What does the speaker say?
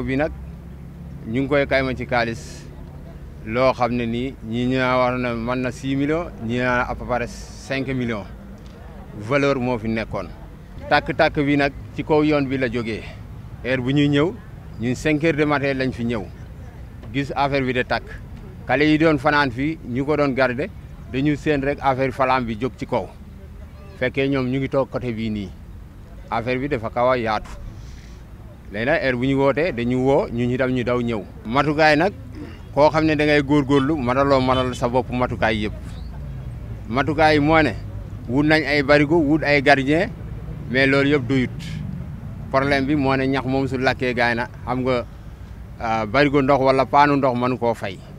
sàkku bi nag ñu ngi koy kayma ci kaalis loo xam ne nii ñii ñu naa na mën na 6 millions ñii naa à peu près moo fi nekkoon. tàkk-tàkk bi nag ci kaw yoon bi la jógee heure bu ñuy ñëw ñun 5 de matin lañ fi ñëw gis affaire bi de takk xale yi doon fanaan fii ñu ko doon garder dañu seen rek affaire falaam bi jóg ci kaw fekkee ñoom ñu ngi toog côté bii nii affaire bi dafa kaw a léegi nag bu ñu wootee dañu woo ñu ñu tam ñu daw ñëw matukaay nag koo xam ne da ngay góorgóorlu mataloo matal sa bopp matukaay yëpp matukaay yi moo wut nañ ay barigo wut ay gardien mais loolu yëpp doyut problème bi moo ne ñax moom su lakkee gaay na xam nga ah, barigo ndox wala paanu ndox mën koo fay